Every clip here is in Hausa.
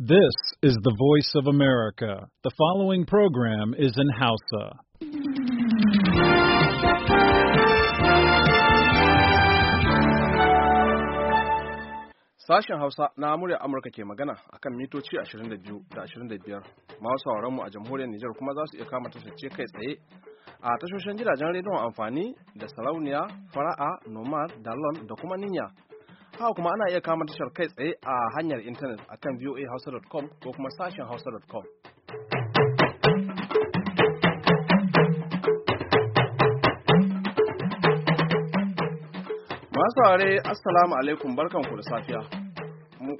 This is the voice of America. The following program is in Hausa. Sashen Hausa na murya Amurka ke magana akan mitoci 22 da 25. Masu sauranmu a jamhuriyar Nijar kuma za su iya kama tashosce kai tsaye a tashoshin gidajen rediyon amfani da sarauniya, fara'a, nomad, dalon da kuma ninya. Haka kuma ana iya kama tashar kai tsaye a hanyar intanet a kan voahausa.com ko kuma sashen hausa.com. Masu ware Assalamu alaikum barkanku da safiya.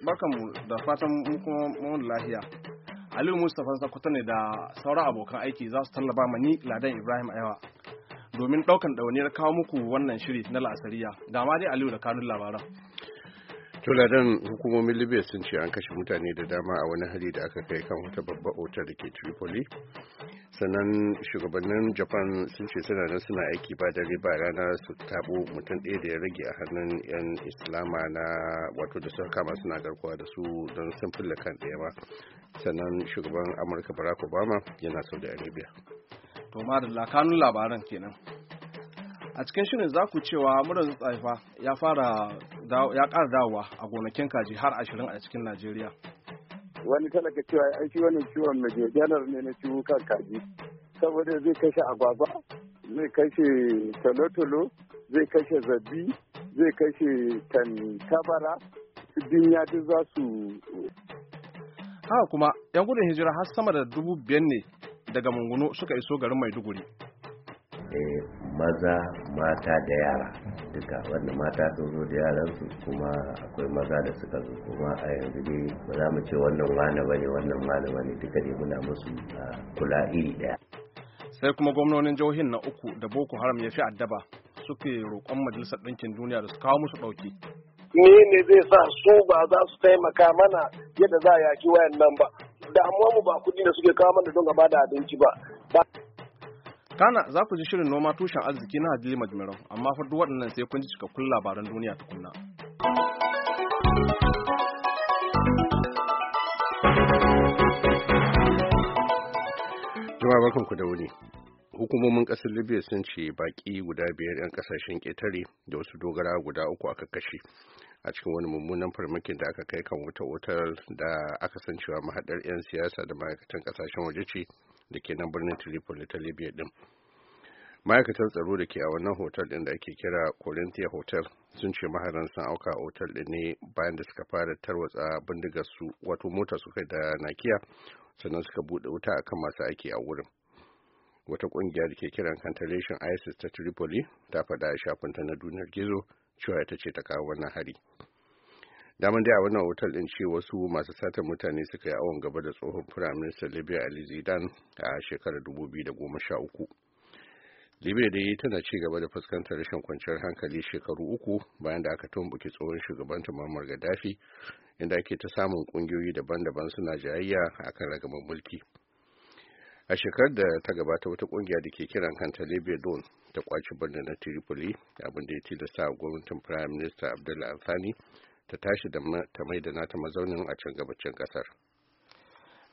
Barkanmu da fatan mun lafiya. Aliyu Mustapha Sakuta ne da sauran abokan aiki za su tallaba mani Ladan Ibrahim yawa. domin ɗaukan ɗauniyar kawo muku wannan shiri na la'asariya. dama dai Aliyu da kanun labaran. tuladan hukumomin libya sun ce an kashe mutane da dama a wani hari da aka kai kan wata babbar otal da ke tripoli sannan shugabannin japan sun ce suna nan suna aiki ba dare ba rana su tabo mutum ɗaya da ya rage a hannun yan islama na wato da suka kama suna garkuwa da su don sun fulla kan ɗaya ba sannan shugaban amurka barack obama yana saudi arabia to da labaran kenan a cikin shirin za ku cewa murar tsaifa ya fara ya ƙara dawowa a gonakin kaji har ashirin a cikin najeriya wani talaka cewa ya shi wani ciwon majejanar ne na kan kaji saboda zai kashe agwagwa zai kashe tolotolo zai kashe zabi zai kashe tantabara duniya duk za su haka kuma yan gudun hijira har sama da dubu biyar ne daga mungunu suka iso garin maiduguri Eh, maza mata da yara duka wanda mata sun zo da yaransu kuma akwai maza da suka zo kuma a yanzu ne, ba za mu ce wannan wane bane wannan wane bane duka ne muna musu kula iri daya sai kuma gwamnonin jihohin na uku da boko haram ya fi addaba suke roƙon majalisar ɗinkin duniya da su kawo musu ɗauki ne ne zai sa su ba za su taimaka mana yadda za a yaki wayan nan ba damuwa mu ba kuɗi da suke kawo mana don gaba da abinci ba Kana za ku ji shirin noma tushen arziki na Hadili Majmirau, amma fa duk waɗannan sai kun ji cikakkun labaran duniya tukunna. Jama'a barkanku da wuni. Hukumomin ƙasar Libya sun ce baƙi guda biyar 'yan ƙasashen ƙetare da wasu dogara guda uku aka kashe. a cikin wani mummunan farmakin da aka kai kan wuta otal da aka san cewa mahaɗar 'yan siyasa da ma'aikatan ƙasashen waje ce da ke nan birnin tripoli ta libya din ma'aikatan tsaro da ke a wannan hotel din da ake kira corinthia hotel sun ce maharan sun auka hotel din ne bayan da suka fara tarwatsa bindigar su wato mota su kai da nakiya sannan suka bude wuta akan masu aiki a wurin wata kungiya da ke kiran cantalation isis ta tripoli ta faɗa a shafinta na duniyar gizo cewa ita ce ta kawo wannan hari daman dai a wannan otal din ce wasu masu satar mutane suka yi awon gaba da tsohon firaministan libya ali zidan a shekarar 2013 libya dai tana ci gaba da fuskantar rashin kwanciyar hankali shekaru uku bayan da aka tumbuke tsohon shugabanta muammar gaddafi inda ake ta samun kungiyoyi daban-daban suna jayayya a kan ragaman mulki a shekarar da ta gabata wata kungiya da ke kiran kanta libya don ta kwaci birnin na tripoli abin da ya tilasta gwamnatin prime minister abdullah alfani ta tashi da ta mai da nata mazaunin a can gabacin kasar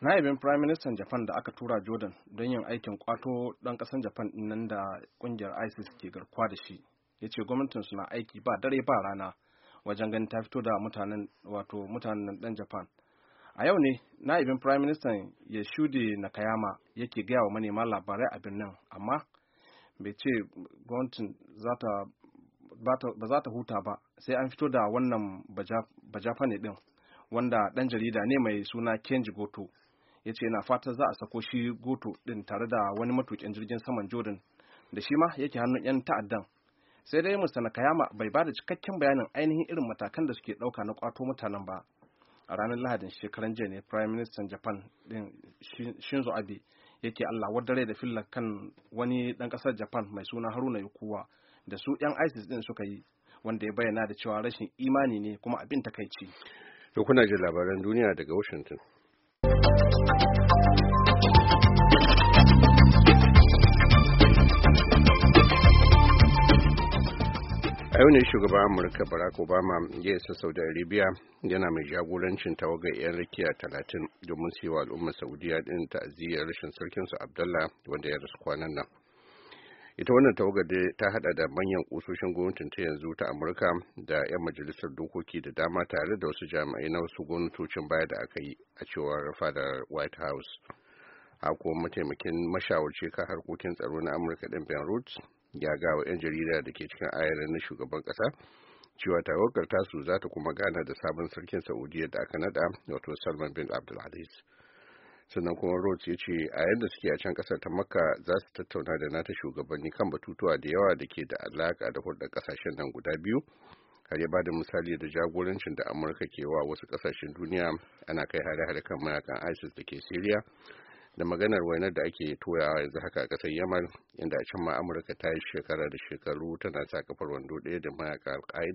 naibin prime minister japan da aka tura jordan don yin aikin kwato ɗan kasan japan nan da kungiyar isis ke garkuwa da shi ya ce gwamnatin suna aiki ba dare ba rana wajen ganin ta fito da mutanen wato mutanen dan japan a yau ne naibin prime minister ya shude nakayama yake gaya wa manema labarai a birnin amma bai ce gwamnatin ba za ta huta ba sai an fito da wannan bajafane din wanda dan jarida ne mai suna kenji goto ya ce na fatan za a sako shi goto din tare da wani matukin jirgin saman jordan da shi ma yake hannun 'yan ta'addan sai dai musanakayama kayama bai ba da cikakken bayanin ainihin irin matakan da suke dauka na kwato mutanen ba a ranar lahadin shekaran jiya ne prime minister japan din shinzo abe yake allah wadare da fillar kan wani dan kasar japan mai suna haruna yukuwa da su 'yan isis din suka yi wanda ya bayyana da cewa rashin imani ne kuma abin takaici. To kuna jin labaran duniya daga Washington. a yau ne shugaban amurka barack obama ya isa saudi arabia yana mai jagorancin tawagar 'yan rakiya talatin domin siwa al'ummar saudiya din ta'aziyyar rashin sarkinsu abdullah wanda ya rasu kwanan nan ita wannan tawagar dai ta hada da manyan kusoshin gwamnatin ta yanzu ta amurka da 'yan majalisar dokoki da dama tare da wasu jami'ai na wasu gwamnatocin baya da aka yi a cewar fadar white house A kuma mataimakin mashawarci kan harkokin tsaro na amurka din ben rhodes ya gawa 'yan jarida da ke cikin ayyana na shugaban kasa cewa tawagar tasu za ta kuma gana da sabon sarkin saudiya da aka nada wato salman bin abdulaziz sannan kuma Rhodes ya ce a yadda suke a can kasar ta Makka za su tattauna da nata shugabanni kan batutuwa da yawa da ke da alaka da hulɗar kasashen nan guda biyu har ya bada misali da jagorancin da Amurka ke wa wasu kasashen duniya ana kai hare-hare kan mayakan ISIS da ke Syria da maganar wainar da ake toyawa yanzu haka a kasar Yaman inda a can ma Amurka ta yi shekara da shekaru tana sa kafar wando ɗaya da mayaka al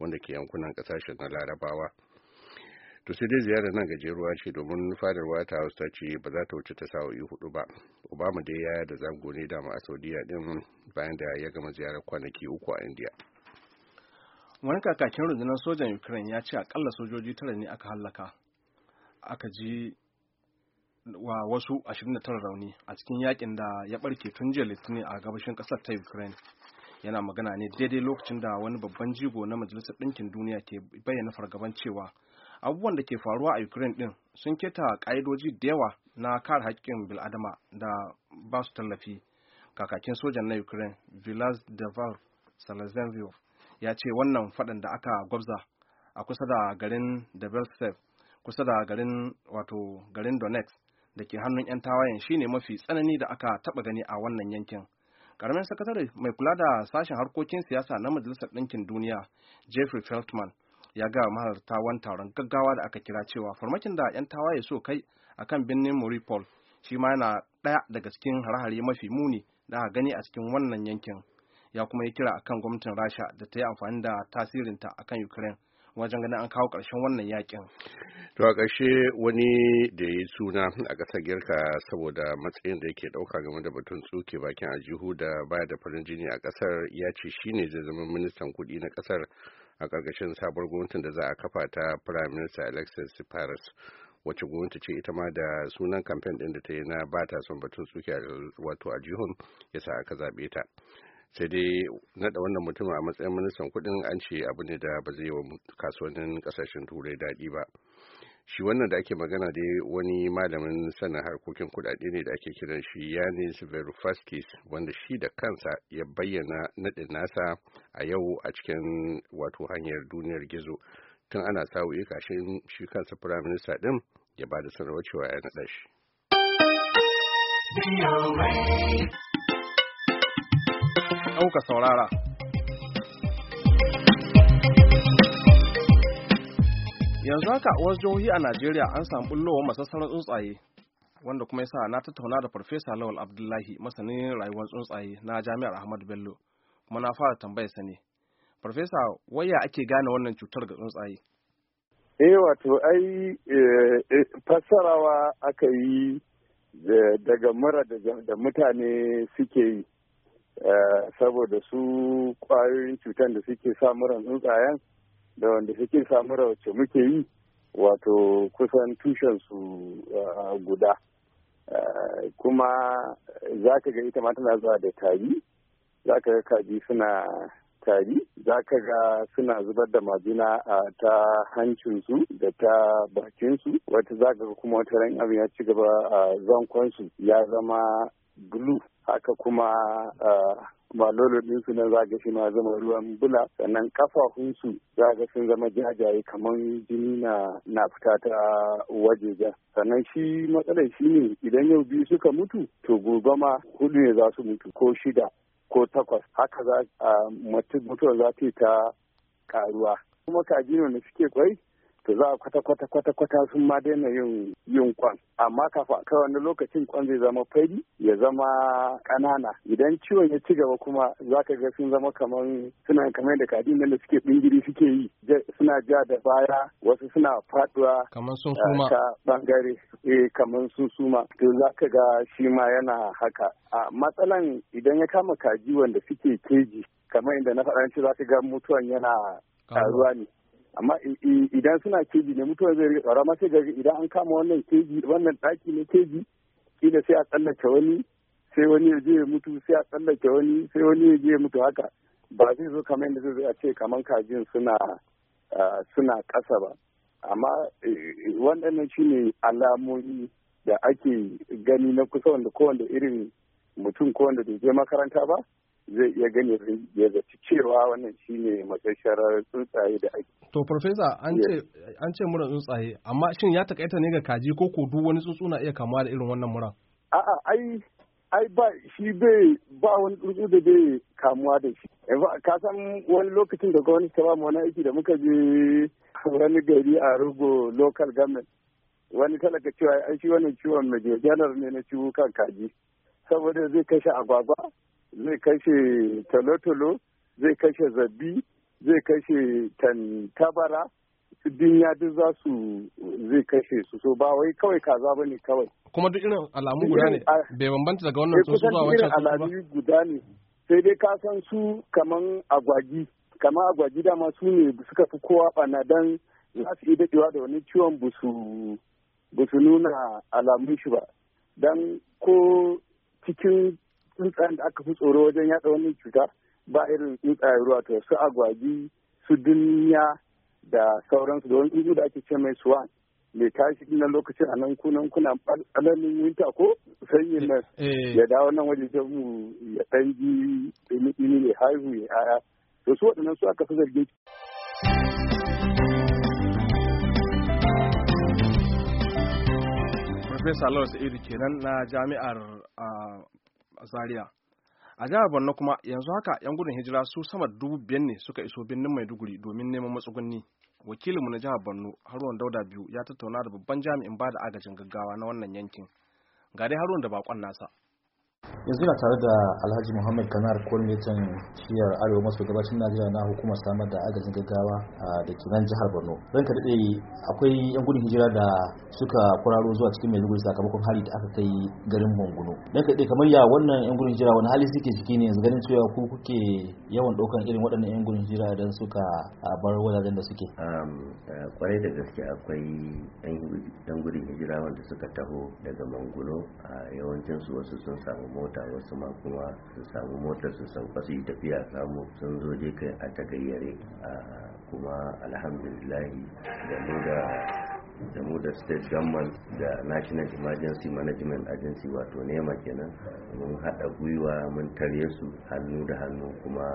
wanda ke yankunan kasashen na Larabawa. to sai dai ziyarar nan gajeruwa ce domin fadar white house ta ce ba za ta wuce ta sa'o'i hudu ba obama dai ya da zango ne dama a saudiya din bayan da ya gama ziyarar kwanaki uku a india wani kakakin rundunar sojan ukraine ya ce akalla sojoji tara ne aka hallaka aka ji wa wasu 29 rauni a cikin yakin da ya barke tun jiya litinin a gabashin kasar ta ukraine yana magana ne daidai lokacin da wani babban jigo na majalisar ɗinkin duniya ke bayyana fargaban cewa abubuwan da ke faruwa a ukraine din sun keta ƙa'idoji da yawa na kare haƙƙin bil'adama da ba su tallafi kakakin sojan na ukraine vilas devar salazenviev ya ce wannan faɗin da aka gwabza a kusa da garin debelsev kusa da garin wato garin donetsk da ke hannun 'yan tawayen shine mafi tsanani da aka taɓa gani a wannan yankin ƙaramin sakatare mai kula da sashen harkokin siyasa na majalisar ɗinkin duniya jeffrey feltman ya gaya mahalarta wani taron gaggawa da aka kira cewa farmakin da 'yan tawaye so kai a kan birnin Moripol shi ma yana ɗaya daga cikin harhari mafi muni da aka gani a cikin wannan yankin. Ya kuma yi kira akan gwamnatin Rasha da ta yi amfani da tasirinta akan Ukraine wajen ganin an kawo ƙarshen wannan yakin. To a ƙarshe wani da ya yi suna a ƙasar Girka saboda matsayin da yake ɗauka game da batun tsuke bakin jihu da baya da farin jini a ƙasar ya ce shine zai zama ministan kuɗi na ƙasar a ƙarƙashin sabuwar gwamnatin da za a kafa ta prime minister alexis tsipras wacce gwamnati ce ita ma da sunan kamfen ɗin da ta yi na ba ta son batun tsuki wato a jihun ya sa aka zaɓe ta sai dai naɗa wannan mutum a matsayin ministan kuɗin an ce abu ne da ba zai yi wa kasuwannin kasashen turai daɗi ba shi wannan da ake magana da wani malamin sanin harkokin kudade ne da ake kiran shi yanis verufaskis wanda shi da kansa ya bayyana naɗin nasa a yau a cikin wato hanyar duniyar gizo tun ana sa'o'i kashin shi kansa firaminista ɗin ya ba da sanarwa cewa ya naɗa shi ɗauka saurara yanzu haka a wasu jihohi a najeriya an samu bullowa masassarar tsuntsaye wanda kuma yasa na tattauna da farfesa lawal abdullahi masanin rayuwar tsuntsaye na jami'ar ahmadu bello kuma na fara tambayar sa ne farfesa waya ake gane wannan cutar ga tsuntsaye eh wato ai eh, eh, fassarawa aka yi daga mura da mutane suke yi eh, saboda su kwayoyin cutar da suke sa muran tsuntsayen da wanda suke samu rawace muke yi wato kusan tushen tushensu ah, guda ah, kuma za ka ga ita ma tana zuwa da tari za ka ga kaji suna tari za ka ga suna zubar da majina a ah, ta hancinsu da ta bakinsu wata za ka kuma wata ran abin ya ci gaba a zankonsu ya zama bulu haka kuma kuma lolo su nan za shi ma zama ruwan bula sannan kafafunsu za ga sun zama jajaye kamar jini na na fita ta waje. sannan shi matsalar shi ne idan yau biyu suka mutu to gobe ma hudu ne za su mutu ko shida ko takwas haka za mutuwar za ta yi ta karuwa kuma kaji ne suke kwai to za a kwata kwata kwata kwata sun ma daina yin yin kwan amma kafin a kai wani lokacin kwan zai zama fari ya zama kanana idan ciwon ya ci gaba kuma za ka ga sun zama kamar suna kamar da kadin da suke dingiri suke yi suna ja da baya wasu suna faduwa kamar sun suma ta bangare eh kamar sun suma to za ka ga shi ma yana haka a matsalan idan ya kama kaji wanda suke keji kamar inda na faɗa za ka ga mutuwan yana karuwa ne amma idan suna keji ne mutuwa zai rika tsara ma sai idan an kama wannan keji wannan daki ne keji kila sai a tsallake wani sai wani ya je ya mutu sai a tsallake wani sai wani ya je ya mutu haka ba zai zo kamar yadda zai a ce kamar kajin suna suna ƙasa ba amma waɗannan ne alamomi da ake gani na kusa wanda kowanda irin mutum ko wanda je makaranta ba zai iya gani ya zaci cewa wannan shine matashar tsuntsaye da ake. To Profesa an ce muran tsuntsaye amma shin ya takaita ne ga kaji ko ko wani tsuntsu na iya kamuwa da irin wannan muran? A'a ai ba shi bai ba wani tsuntsu da bai kamuwa da shi. Ka san wani lokacin da gwamnati ta ba mu wani aiki da muka je wani gari a Rugo local government wani talaka cewa ai shi wannan ciwon mai ne na ciwukan kaji saboda zai kashe agwagwa zai kashe talotalo zai kashe zabi zai kashe tantabara dinya duk za su zai kashe su so ba wai kawai kaza ba ne kawai kuma duk irin alamu guda ne eh, bai bambanta daga wannan eh, tsuntsu zuwa wancan tsuntsu ba alamu guda ne sai dai ka san su kaman agwagi kaman agwagi dama su ne suka fi kowa bana dan za su yi daɗewa da wani ciwon busu nuna alamun shi ba dan ko cikin tsuntsayen da aka fi tsoro wajen yaɗa wannan cuta ba irin tsuntsayen ruwa to su agwagi su duniya da sauransu da wani tsuntsu da ake ce mai swan mai tashi na lokacin a nan kunan kuna alamin winta ko sanyin nan eh. ya dawo nan wajen mu ya ɗan ji ɗini ne haihu ya yaya to su waɗannan su aka fi zargin Profesa Lawrence ke kenan na jami'ar ah, Zaria. A jihar Borno kuma yanzu haka 'yan gudun hijira su sama dubu biyar ne suka iso birnin Maiduguri domin neman matsugunni. Wakilinmu na jihar Borno, Haruwan Dauda biyu ya tattauna da babban jami'in ba da agajin gaggawa na wannan yankin. Ga dai Haruna da bakon nasa. yanzu na tare da alhaji muhammad kanar kwamitin shiyar arewa maso gabashin najeriya na hukumar samar da agajin gaggawa da ke nan jihar borno ranka daɗe akwai yan gudun hijira da suka kwararo zuwa cikin maiduguri sakamakon hali da aka kai garin manguno ranka daɗe kamar ya wannan yan gudun hijira wani hali suke ciki ne yanzu ganin cewa ku kuke yawan ɗaukan irin waɗannan yan gudun hijira don suka bar wajajen da suke. kwarai eh, da gaske akwai yan gudun hijira wanda suka taho daga yawancin yawancinsu wasu sun samu mota wasu ma kuma su samu motar su sauka su yi tafiya samu sun zo je kai a tagayyare ah, kuma alhamdulillahi da mu da mu da state government da national emergency management agency wato nema kenan mun haɗa gwiwa mun tarye su hannu da hannu kuma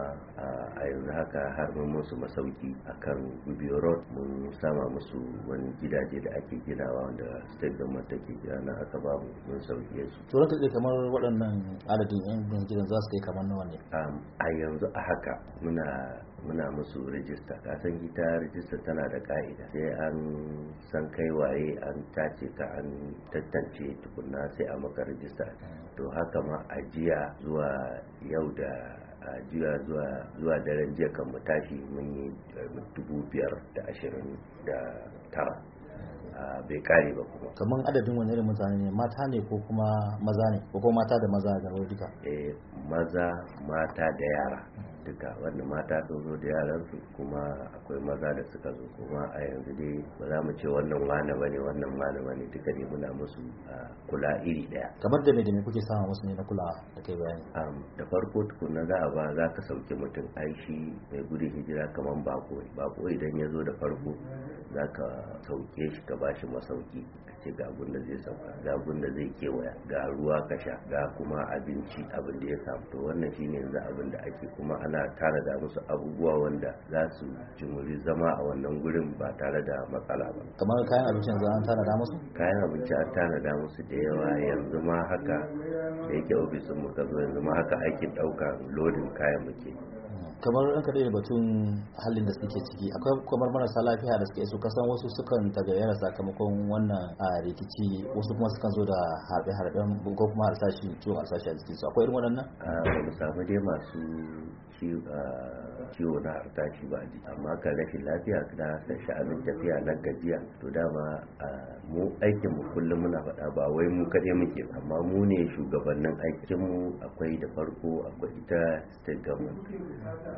a yanzu haka har mun musu masauki a kan road mun sama musu wani gidaje da ake ginawa wanda state government take gina na aka ba mu mun sauki su to ranka kamar waɗannan adadin yan gidan za su kai kamar nawa ne a yanzu a haka muna muna musu rijista kasan ita rijista tana da ka'ida sai an san kai waye an tace ka an tantance tukunna sai a maka rajista to haka ma ajiya zuwa yau da a jiya zuwa daren jiya kan mun yi eh, dubu biyar da ashirin da tara a bai kare ba kuma kamar adadin wani irin mutane ne mata ne ko kuma maza ne ko mata da maza ga duka eh maza mata da yara duka wanda mata sun zo da yaransu kuma akwai maza da suka zo kuma a yanzu dai ba za mu ce wannan wane ba ne wannan wane ba ne duka ne muna musu kula iri daya kamar da me da kuke samun musu ne na kula da kai bayani da farko tukunna za a ba za ka sauke mutum ai mai gudun hijira kamar bako bako idan ya zo da farko za ka sauke shi ka bashi masauki sai ga abin da zai sauka ga abin da zai kewaya ga ruwa ka sha ga kuma abinci abin da ya samu to wannan ne yanzu abin da ake kuma ana tara da musu abubuwa wanda za su jimuri zama a wannan gurin ba tare da matsala ba kamar kayan abincin za an tara da musu kayan abinci an tara da musu da yawa yanzu ma haka da yake ofisin mu ka zo yanzu ma haka aikin ɗaukar lodin kayan muke kamar an kaɗai da batun halin da suke ciki akwai kamar marasa lafiya da suka iso kasan wasu sukan tagayyara sakamakon wannan a rikici wasu kuma sukan zo da harbe-harben ko kuma harsashi ciwon harsashi a jikinsu akwai irin waɗannan? a samu dai masu ciwo na artashi ba ji amma ka rashi lafiya na sha'anin tafiya na gajiya to dama mu aikin mu kullum muna faɗa ba wai mu kaɗai muke amma mu ne shugabannin aikin mu akwai da farko akwai ita state government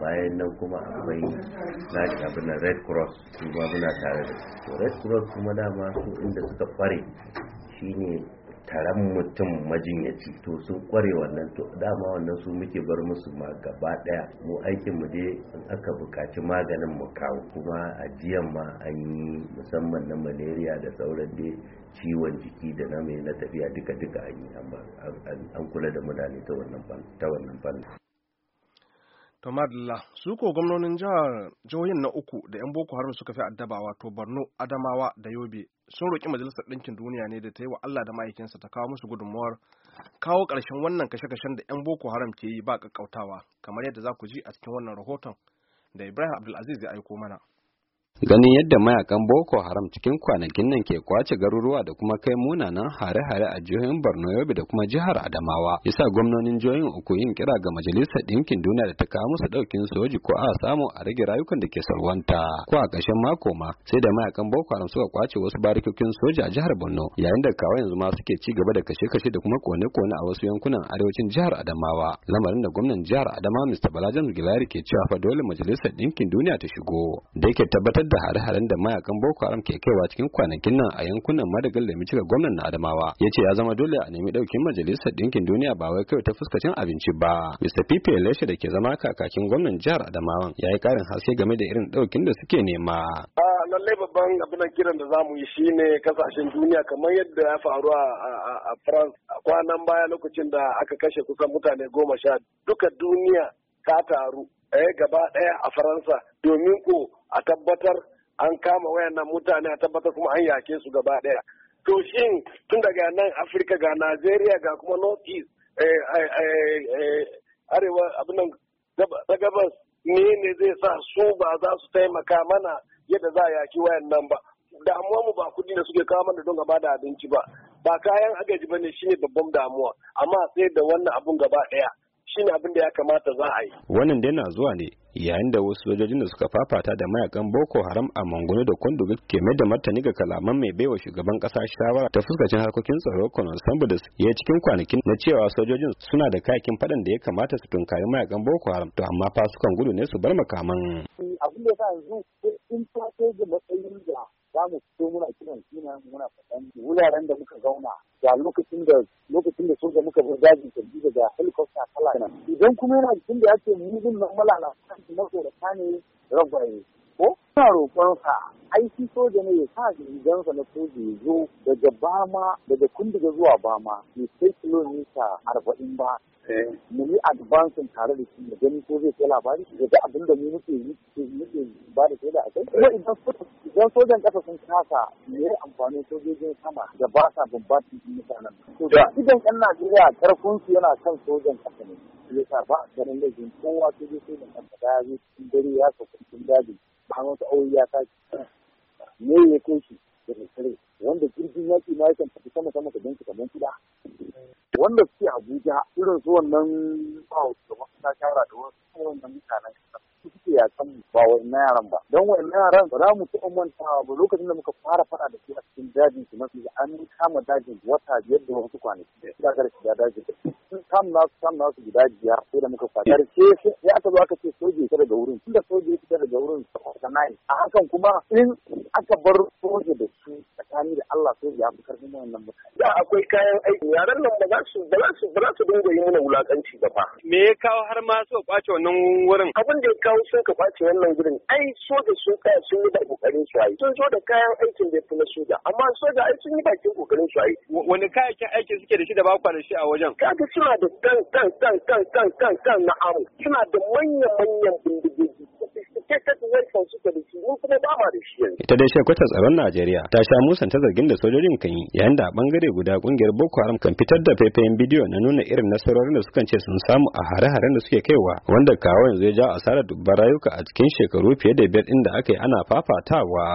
bayan nan kuma akwai na abin red cross su muna tare da red cross kuma dama su inda suka kware shine taron mutum majinyaci to sun kware wannan to dama wannan su muke bar musu ma gaba daya mu aikin mu dai in aka bukaci maganin mu kawo kuma ajiyan ma an yi musamman na malaria da sauran dai ciwon jiki da na mai na tafiya duka duka an yi amma an kula da mutane ta wannan ta wannan to madalla su ko gwamnonin jihar jihohin na uku da yan boko haram suka fi addabawa to borno adamawa da yobe sun roƙi majalisar ɗinkin duniya ne da ta yi wa Allah da ma'aikinsa ta kawo musu gudunmuwar kawo ƙarshen wannan kashe-kashen da 'yan Boko Haram ke yi ba ƙaƙƙautawa kamar yadda za ku ji a cikin wannan rahoton da Ibrahim Abdulaziz ya aiko mana. ganin yadda mayakan boko haram cikin kwanakin nan ke kwace garuruwa da kuma kai munanan hare-hare a jihohin borno yobe da kuma jihar adamawa yasa gwamnonin jihohin uku yin kira ga majalisar ɗinkin duniya da ta kawo musu ɗaukin soji ko a samu a rage rayukan da ke salwanta ko a ƙarshen mako ma sai da mayakan boko haram suka kwace wasu barikokin soja a jihar borno yayin da kawo yanzu ma suke ci gaba da kashe-kashe da kuma kone-kone a wasu yankunan arewacin jihar adamawa lamarin da gwamnan jihar adamawa mr balajan gilari ke cewa fa dole majalisar ɗinkin duniya ta shigo da yake tabbatar dakatar da hare-haren da mayakan Boko Haram ke kaiwa cikin kwanakin nan a yankunan Madagal da Michigan gwamnan Adamawa ya ce ya zama dole a nemi daukin majalisar Dinkin duniya ba wai kai ta fuskacin abinci ba. Mr. Pipe Leshe da ke zama kakakin gwamnan jihar Adamawa ya yi ƙarin haske game da irin ɗaukin da suke nema. lallai babban abin kiran da zamu yi shine kasashen duniya kamar yadda ya faru a France kwanan baya lokacin da aka kashe kusan mutane goma sha duka duniya ta taru ɗaya gaba ɗaya a faransa domin ko a tabbatar an kama wayannan mutane a tabbatar kuma an yake su gaba ɗaya to shin tun daga nan afirka ga najeriya ga kuma north east eh, eh, eh, arewa abinan ta gabas ne ne zai sa su ba za su taimaka mana yadda za a yaki wayannan ba damuwa mu ba kudi da suke kawo mana don gaba da abinci ba ba kayan agaji ba ne shine babban damuwa amma sai da wannan abun gaba ɗaya shine abin da ya kamata za a yi wannan dai na zuwa ne yayin da wasu sojojin da suka fafata da mayakan boko haram a mangunu da kunduga ke mai da martani ga kalaman mai baiwa shugaban kasa shawara ta fuskacin harkokin tsaro colonel sambu ya ya cikin kwanakin na cewa sojojin suna da kayakin faɗan da ya kamata su tunkari mayakan boko haram to amma fa sukan gudu ne su bar makaman abin da sa yanzu sun fata da matsayin da za mu fito muna kiran suna muna faɗan wuraren da muka zauna da lokacin da lokacin da soja muka bar ta bi daga helicopter kala nan idan kuma yana cikin da ya ce mu zun nan malala kan masorata ne ragwaye ko ina roƙon sa aiki soja ne ya sa rigansa na soja ya zo daga bama daga kundiga zuwa bama ya kai kilomita arba'in ba eh. mu yi advancing tare da shi mu gani ko zai kai labari da da abin da mu muke yi muke ba da shaida a kai kuma idan idan sojan kasa sun kasa me ya amfani sojojin sama da ba sa bambancin mutanen to da idan yan Najeriya karfin su yana kan sojan kasa ne ya sa ba ganin laifin kowa sojojin sojan kasa da ya zo cikin dare ya sauka cikin daji ba wata aure ya tashi muy de pero wanda jirgin yaƙi na yakan tafi sama sama ka gan su kamar gida wanda suke Abuja irin su wannan bawo da wasu na shara da wasu wannan mutanen su suke yakan ba na yaran ba don na yaran ba za mu ci mantawa ba lokacin da muka fara fada da su a cikin dajin su mafi an kama dajin wata biyar da wasu kwanaki da ga shiga dajin sun kama nasu kama nasu guda biyar sai da muka fada karshe ya aka zo aka ce soje ta daga wurin tun da soje ta daga wurin sanai a hakan kuma in aka bar soje da su tsakanin da Allah sai ya fi karfin wannan mutane da akwai kayan aiki yaran nan ba za su ba za su ba za su dinga yi mana wulakanci ba fa me ya kawo har ma suka kwace wannan wurin abin da ya kawo sun ka kwace wannan gurin ai so da su kaya sun yi da kokarin su ai sun zo da kayan aikin da fi na soja amma soja ai sun yi bakin kokarin su ai wani kayayyakin aikin suke da shi da ba kwa da shi a wajen kaga suna da kan kan kan kan kan kan na amu suna da manyan manyan bindigogi cikakken waifan suke da shi mun kuma ba ma da shi yanzu. Ita dai shekwatar tsaron Najeriya ta sha musan ta zargin da sojojin kan yi yayin da a bangare guda kungiyar Boko Haram kan fitar da faifayen bidiyo na nuna irin nasarorin da sukan ce sun samu a hare-haren da suke kaiwa wanda kawo yanzu ya ja asarar dubban rayuka a cikin shekaru fiye da biyar inda aka yi ana fafatawa.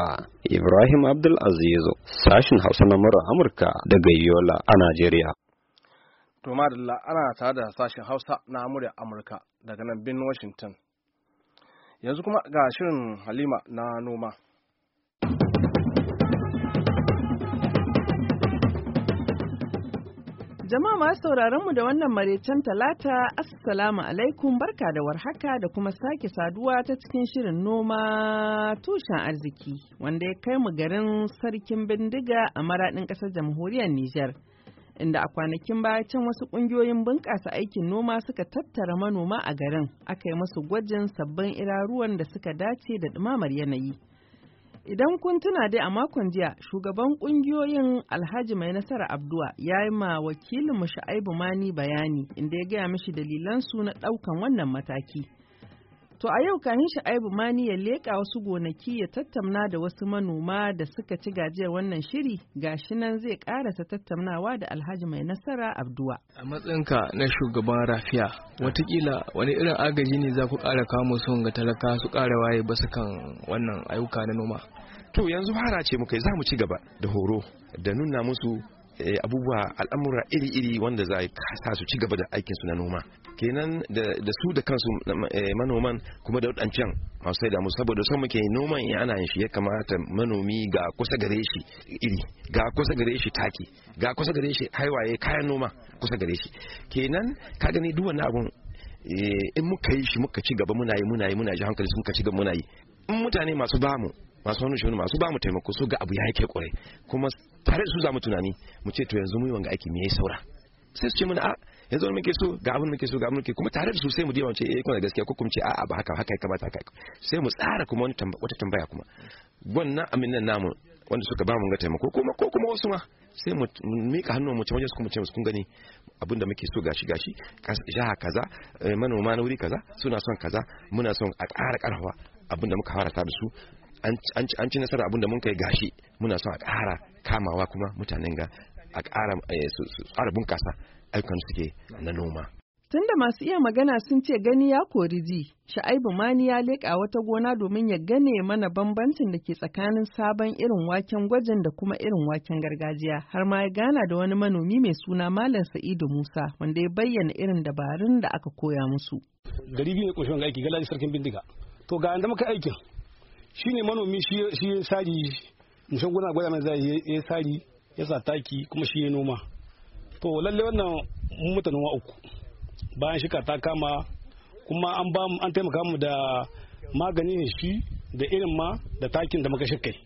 Ibrahim Abdul Aziz sashin Hausa na murar Amurka daga Yola a Najeriya. To madalla ana tare da sashin Hausa na Amurka daga nan bin Washington. yanzu kuma ga shirin halima na noma Jama'a masu sauraron mu da wannan maraicen talata, Assalamu alaikum barka da warhaka da kuma sake saduwa ta cikin shirin noma tushen arziki wanda ya kai mu garin sarkin bindiga a maradin ƙasar jamhuriyar Nijar. inda a kwanakin baya can wasu kungiyoyin bunƙasa aikin noma suka tattara manoma a garin aka yi masu gwajin sabbin iraruwan da suka dace da ɗumamar yanayi. Idan kun tuna dai a makon jiya, shugaban kungiyoyin Alhaji Mai Nasara Abdua ya yi ma wakilin Shu'aibu Mani bayani inda ya gaya mishi dalilansu na ɗaukan wannan mataki. To a yau kahin sha'aibu Mani ya leƙa wasu gonaki ya tattauna da wasu manoma da suka ci gajiyar wannan shiri gashi nan zai karasa tattaunawa da Alhaji Mai Nasara Abduwa. A matsinka na shugaban rafiya watakila wani irin agaji ne za ku ƙara kamo su ga talaka su ƙara waye ba su kan wannan ayyuka na noma. To yanzu fara ce muka za mu ci gaba da horo da nuna musu eh, abubuwa al'amura iri-iri wanda za a su ci gaba da aikinsu na noma kenan da su da kansu eh, manoman kuma da wadancan masu sai da saboda son muke noman ya ana yin shi ya kamata manomi ga kusa gare shi iri ga kusa gare shi taki ga kusa gare shi haiwaye kayan noma kusa gare shi kenan ka gani duk wannan abun eh, in muka yi shi muka ci gaba muna yi muna yi muna yi hankali sun ka ci gaba muna yi in mutane masu bamu masu wani shi masu bamu taimako su ga abu ya yake kwarai kuma tare da su za mu tunani mu ce to yanzu mu yi wanga aiki me yayi saura sai su ce mana a yanzu muke so ga abin muke so ga abin muke kuma tare da su sai mu diba mu ce eh kuma gaskiya ko kuma ce a'a ba haka haka ya kamata haka sai mu tsara kuma wani wata tambaya kuma wannan aminan namu wanda suka ba mu ga taimako kuma ko kuma wasu ma sai mu mika hannu mu ce wajen su kuma ce kun gani abin da muke so gashi gashi jaha kaza eh, manoma na wuri kaza suna son kaza muna son a ƙara ƙarfafa abin da muka fara da su an ci nasara abin da mun kai gashi muna son a ƙara kamawa kuma mutanen ga a ƙara eh, bunƙasa ayyukan suke na noma. Tunda masu iya magana sun ce gani ya kori ji, sha'aibu mani ya leƙa wata gona domin ya gane mana bambancin da ke tsakanin sabon irin waken gwajin da kuma irin waken gargajiya, har ma ya gana da wani manomi mai suna Malam Sa'idu Musa wanda ya bayyana irin dabarun da aka koya musu. Gari biyu ne ƙoshin aiki, galaji sarkin bindiga. To ga yanda muka aikin, shi ne manomi shi ya sari, mushan gona gwada mai zai ya sari ya sa taki kuma shi ya noma to lalle wannan mun mutu noma uku bayan shika ta kama kuma an ba an taimaka mu da maganin shi da irin ma da takin da muka shikai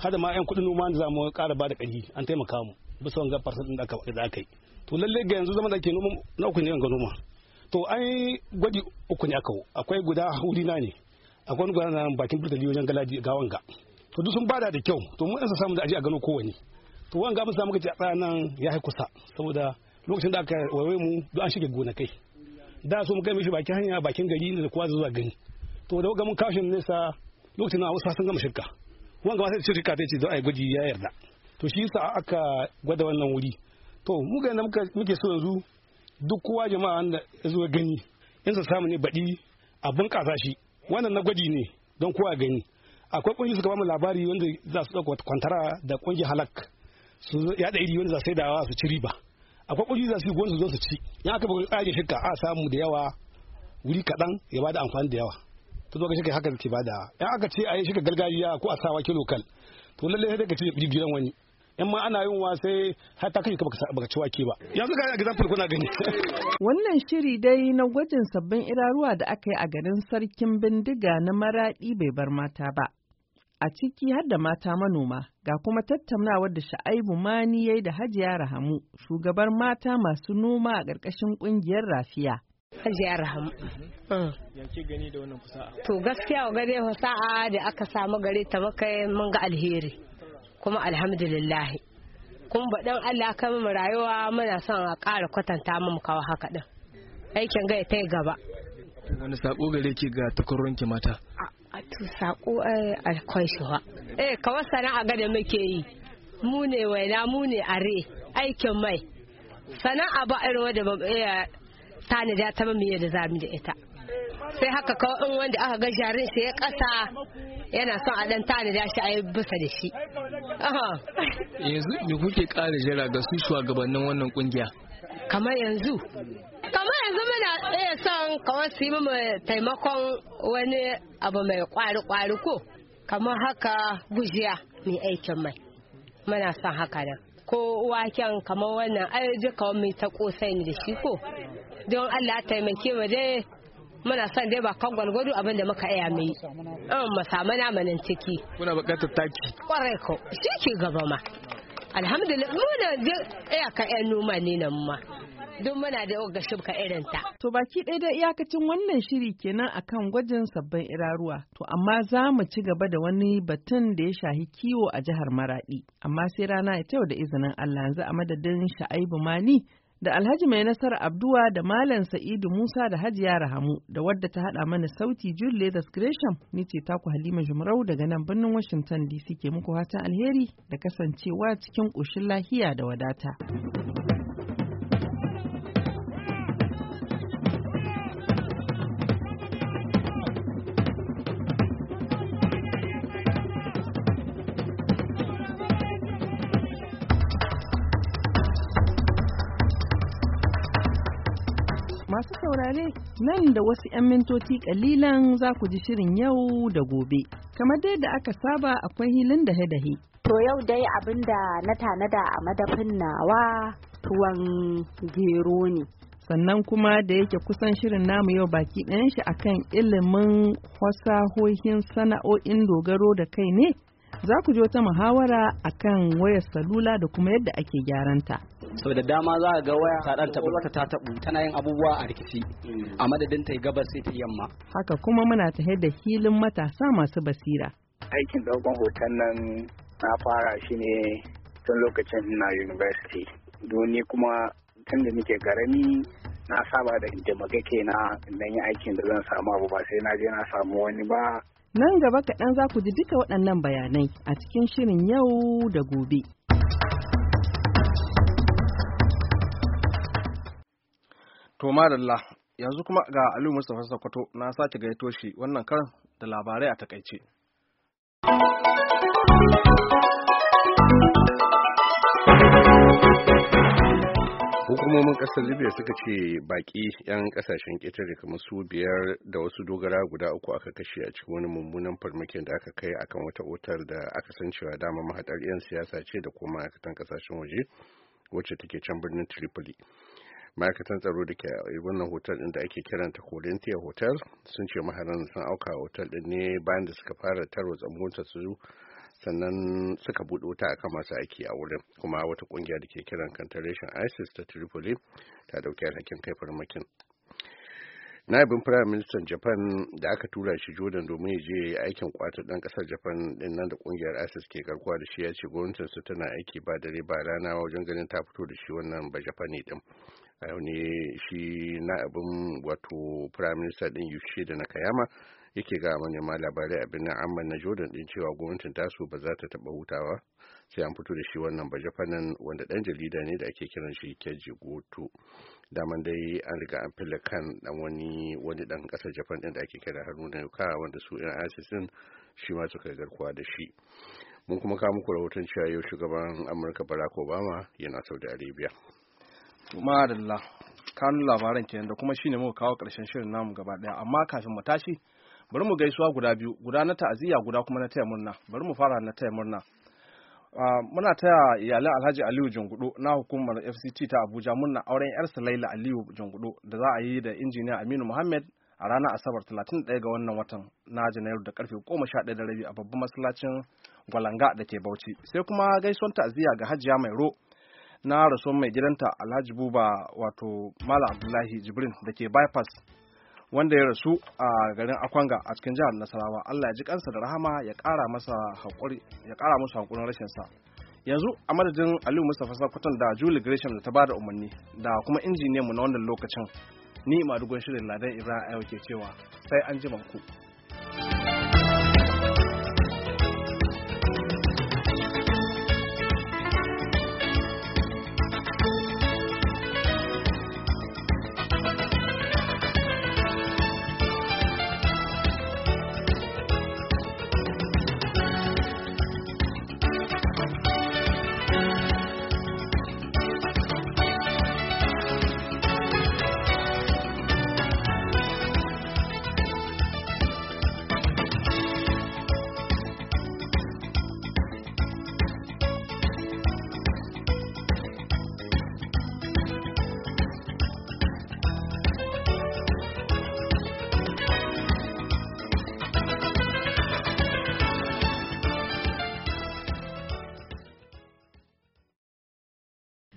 hada ma yan kudin noma da zamu ƙara ba da kadi an taimaka mu bisa wanga din da aka da aka yi to lalle ga yanzu zaman da ke noma na uku ne ga noma to ai gwadi uku ne aka akwai guda na ne akwai guda na bakin burtali wajen galaji ga wanga to duk sun bada da kyau to mu ɗansa samu da aji a gano kowane to wanga mun samu gaji a tsaya nan ya haiku kusa saboda lokacin da aka waye mu don an shige gonakai da su mu kai mishi bakin hanya bakin gari ne da kowa zuwa gani to da ga mun kawo shi nesa lokacin na wasu sun gama shirka wanga ba sai shirka ta ce don ai gwaji ya yarda to shi yasa aka gwada wannan wuri to mu ga muka muke so yanzu duk kowa jama'a wanda ya zo gani in samu ne baɗi a bunƙasa shi wannan na gwaji ne don kowa gani akwai ƙungi suka ba mu labari wanda za su ɗauka kwantara da ƙungiyar halak su yada iri wanda za su saidawa su ci riba akwai kuɗi za su yi su zo su ci ya aka buga tsarin shirka a samu da yawa wuri kaɗan ya bada amfani da yawa ta zo ga shirka haka ke bada ya aka ce a yi shirka gargajiya ko a sawa ke kal to lallai sai daga ce gidan wani in ma ana yin sai har ta kai baka ci wake ba yanzu ga example kuna gani wannan shiri dai na gwajin sabbin iraruwa da aka yi a garin sarkin bindiga na maradi bai bar mata ba a ciki har da mata manoma ga kuma tattaunawar da sha'aibu mani yi da hajiya rahamu shugabar mata masu noma a ƙarƙashin ƙungiyar rafiya hajiya rahamu mm. gani da wannan to gaskiya wa gare fasaha da aka samu gare ta makai mun ga alheri kuma alhamdulillah kuma baɗin Allah ka mu rayuwa muna son a ƙara kwatanta mu kawo haka din aikin gaya ta gaba wani sako gare ki ga ki mata A To saƙo eh, akwai shi ba Eh kawai sana'a ga da muke yi. Mu ne waina mu ne re aikin mai. Sana'a ba irin wanda ba iya tanada ta mamiya da zami da ita. Sai haka kawai in wanda aka ga jarin shi ya kasa yana son a dan tanada shi a yi bisa da shi. Yanzu me kuke kare jira ga su shugabannin wannan kungiya? Kamar yanzu. yanzu muna tsaye son kawai su yi mu taimakon wani abu mai kwari-kwari ko kamar haka gujiya mai aikin mai muna son haka nan ko waken kamar wannan ai duka mai ta kosai ne da shi ko don Allah taimake mu dai muna son dai ba kan gwalgwado abin da muka iya mai an mu samu namanin ciki kuna bukatar taki kwarai ko shi ke gaba ma alhamdulillah muna iyaka yan noma ne nan ma duk muna da ga shubka irin ta. To baki ɗaya da iyakacin wannan shiri kenan akan gwajin sabbin iraruwa. To amma za mu ci gaba da wani batun da ya shahi kiwo a jihar Maraɗi. Amma sai rana ya yau da izinin Allah yanzu a madadin Sha'aibu Mani da Alhaji Mai nasara Abduwa da Malam Sa'idu Musa da Hajiya Rahamu da wadda ta haɗa mana sauti Jude Leathers Gresham ni ce taku Halima Jumrau daga nan birnin Washington DC ke muku fatan alheri da kasancewa cikin ƙoshin lahiya da wadata. saurare nan da wasu 'yan mintoci kalilan za ku ji shirin yau da gobe. Kamar dai da aka saba akwai hilin da dahe To yau dai abin da na tanada a madafin nawa tuwon gero ne. sannan kuma da yake kusan shirin namu yau baki ɗayan shi akan ilimin fasahohin sana'o'in dogaro da kai ne za ku ji wata muhawara akan wayar salula da kuma yadda ake gyaranta. Sau da dama za ka ga waya ta dan tabu ta tabu tana yin abubuwa a rikici mm. a madadin ta gabas sai ta yamma haka kuma muna ta da hilin matasa masu basira aikin daukan hoton nan na fara shi ne tun lokacin na university doni kuma tun da nake garami na saba da jama'a na dan yi aikin da zan samu abu ba sai na je na samu wani ba Nan gaba kaɗan za ku ji duka waɗannan bayanai a cikin shirin yau da gobe. To madalla yanzu kuma ga Aliyu Mustapha Sokoto na sake gaito shi wannan karan da labarai a takaice. hukumomin ƙasar libya suka ce baƙi 'yan ƙasashen ƙetare kamar su biyar da wasu dogara guda uku aka kashe a cikin wani mummunan farmakin da aka kai akan wata otar da aka san cewa dama mahaɗar 'yan siyasa ce da kuma ma'aikatan kasashen waje wacce take can birnin tripoli ma'aikatan tsaro da ke wannan hotel din da ake kiranta Corinthia Hotel sun ce maharan sun auka hotel din ne bayan da suka fara tarwatsa motar su sannan suka buɗe wuta akan masu aiki a wurin kuma wata ƙungiya da ke kiran kantareshin isis ta tripoli ta ɗauki alhakin kai farmakin naibin firayim ministan japan da aka tura shi jordan domin ya je aikin kwato ɗan kasar japan ɗin nan da ƙungiyar isis ke garkuwa da shi ya ce gwamnatinsu tana aiki ba dare ba rana wajen ganin ta fito da shi wannan ba japani din. ne shi na abin wato prime minister din na kayama yake ga manema labarai a birnin Amman na Jordan din cewa gwamnatin tasu ba za ta taba hutawa sai an fito da shi wannan baje fannin wanda dan jarida ne da ake kiran shi Keji Goto daman dai an riga an fila kan dan wani wani dan kasar Japan din da ake kira Haruna Yuka wanda su yan ISIS din shi ma suka garkuwa da shi mun kuma kawo muku rahoton cewa yau shugaban Amurka Barack Obama yana Saudi Arabia kuma da kanun labaran kenan da kuma shine muka kawo karshen shirin namu gaba daya amma kafin mu tashi bari mu gaisuwa guda biyu guda na ta'aziyya guda kuma na taya murna bari mu fara na taya murna muna taya iyalan Alhaji Aliyu Jungudu na hukumar FCT ta Abuja murna auren yarsa Laila Aliyu Jungudu da za a yi da injiniya Aminu Muhammad a ranar Asabar talatin 31 ga wannan watan na Janairu da karfe rabi a babban masallacin Gwalanga da ke Bauchi sai kuma gaisuwar ta'aziyya ga Hajiya Mairo na rasu mai gidanta alhaji buba wato mala abdullahi jibrin da ke bypass wanda ya rasu a garin akwanga a cikin jihar nasarawa allah ya ji kansa da rahama ya kara masa haƙurin rashin sa yanzu a madadin aliyu mustapha sakwatan da Juli gresham da ta ba da umarni da kuma injiniyanmu na wannan lokacin ni madugon shirin ladan ibrahim ayo ke cewa sai an ji ku.